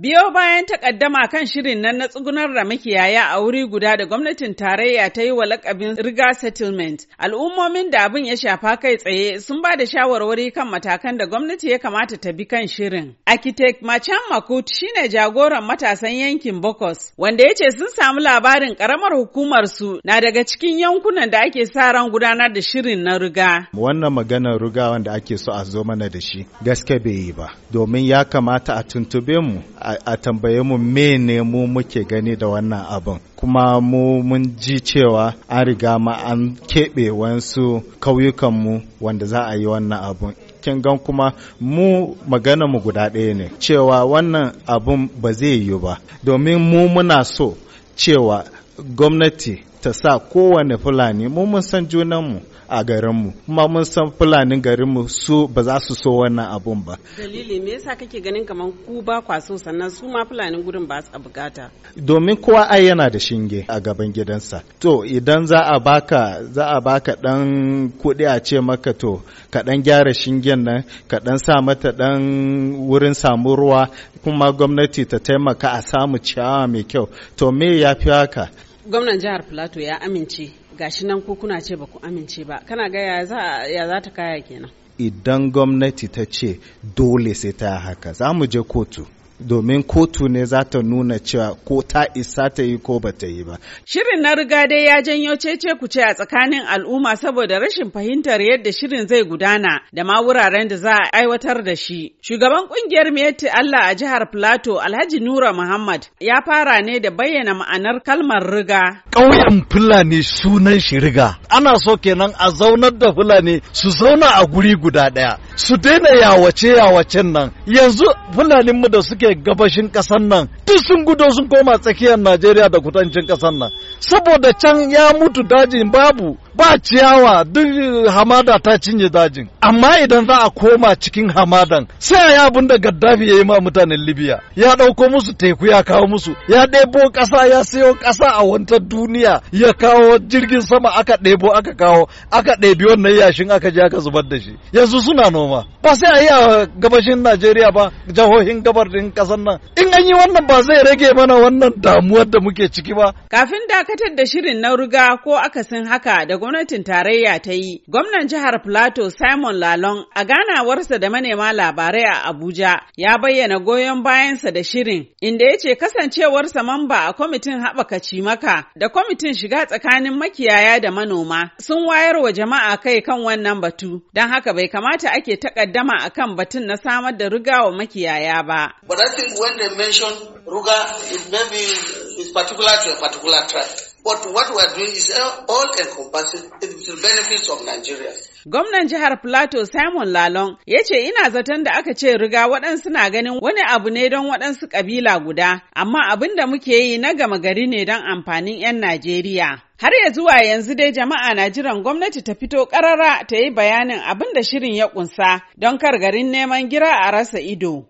Biyo bayan takaddama kan shirin nan na tsugunar da makiyaya a wuri guda da gwamnatin tarayya ta yi wa lakabin riga settlement, al'ummomin da abin ya shafa kai tsaye sun ba da shawarwari kan matakan da gwamnati ya kamata ta bi kan shirin. Architect Machan Makut shine jagoran matasan yankin Bokos, wanda ya ce sun samu labarin karamar hukumar su na daga cikin yankunan da ake sa ran gudanar da shirin na riga. Wannan maganar riga wanda ake so a zo mana da shi gaske bai yi ba, domin ya kamata a tuntube mu a tambaye mu mene mu muke gani da wannan abin kuma mu mun ji cewa an riga ma an keɓe wasu kauyukanmu wanda za a yi wannan abun kin gan kuma mu magana mu guda ɗaya ne cewa wannan abun ba zai yiwu ba domin mu muna so cewa gwamnati ta sa kowane fulani mu mun san junanmu a garinmu kuma mun san fulanin garinmu su ba za su so wannan abun ba dalili me yasa kake ganin kamar ku ba kwa so sannan su ma fulanin gurin ba su bukata domin kowa ai yana da shinge a gaban gidansa to idan za a baka za a baka dan kuɗi a ce maka to ka dan gyara shingen nan ka dan sa mata dan wurin samu ruwa kuma gwamnati ta taimaka a samu ciyawa mai kyau to me yafi haka gwamnan jihar plateau ya amince ga shi nan ko kuna ce ba ku amince ba kana ga ya za ta kaya kenan idan gwamnati ta ce dole sai ta haka za mu je kotu domin kotu ne za ta nuna cewa ko ta isa ta yi ko ba ta yi ba. Shirin na riga dai ya janyo cece ce a tsakanin al'umma saboda rashin fahimtar yadda shirin zai gudana da ma wuraren da za a aiwatar da shi. Shugaban kungiyar Meti Allah a jihar Plateau Alhaji Nura Muhammad ya fara ne da bayyana ma'anar kalmar riga. Ƙauyen Fulani sunan shi riga. Ana so kenan a zaunar da Fulani su zauna a guri guda ɗaya. su daina yawace yawacen nan yanzu fulanin mu da suke gabashin ƙasar nan duk sun gudo sun koma tsakiyar najeriya da kudancin ƙasar nan saboda can ya mutu dajin babu ba ciyawa duk eh, hamada ta cinye dajin amma idan za a koma cikin hamadan sai ya abin da gaddafi ya yi ma mutanen libya ya ɗauko musu teku ya kawo musu ya ɗebo ƙasa ya sayo ƙasa a wanta duniya ya kawo jirgin sama aka ɗebo aka kawo aka ɗebi wannan yashin aka je aka zubar da shi yanzu suna noma ba sai a yi a gabashin najeriya ba jihohin gabar ɗin ƙasar nan in an yi wannan ba zai rage mana wannan damuwar da muke ciki ba. Kafin dakatar da shirin na ruga ko akasin haka da gwamnatin tarayya ta yi, gwamnan jihar Plateau Simon lalon a ganawarsa da manema labarai a Abuja ya bayyana goyon bayansa da shirin, inda ya ce kasancewarsa mamba a kwamitin haɓaka cimaka da kwamitin shiga tsakanin makiyaya da manoma sun wayar wa jama'a kai kan wannan batu, don haka bai kamata ake takaddama akan batun na samar da ruga wa makiyaya ba. mention Ruga it may particular to a particular tribe. But what we are doing is all encompassing the benefits of Nigeria. Gwamnan jihar Plateau Simon lalon ya ce ina zaton da aka ce riga waɗansu na ganin wani abu ne don waɗansu ƙabila guda, amma abin da muke yi na gama gari ne don amfanin 'yan Najeriya. Har ya zuwa yanzu dai jama'a na jiran gwamnati ta fito ƙarara ta yi bayanin abin da shirin ya ƙunsa don kar garin neman gira a rasa ido.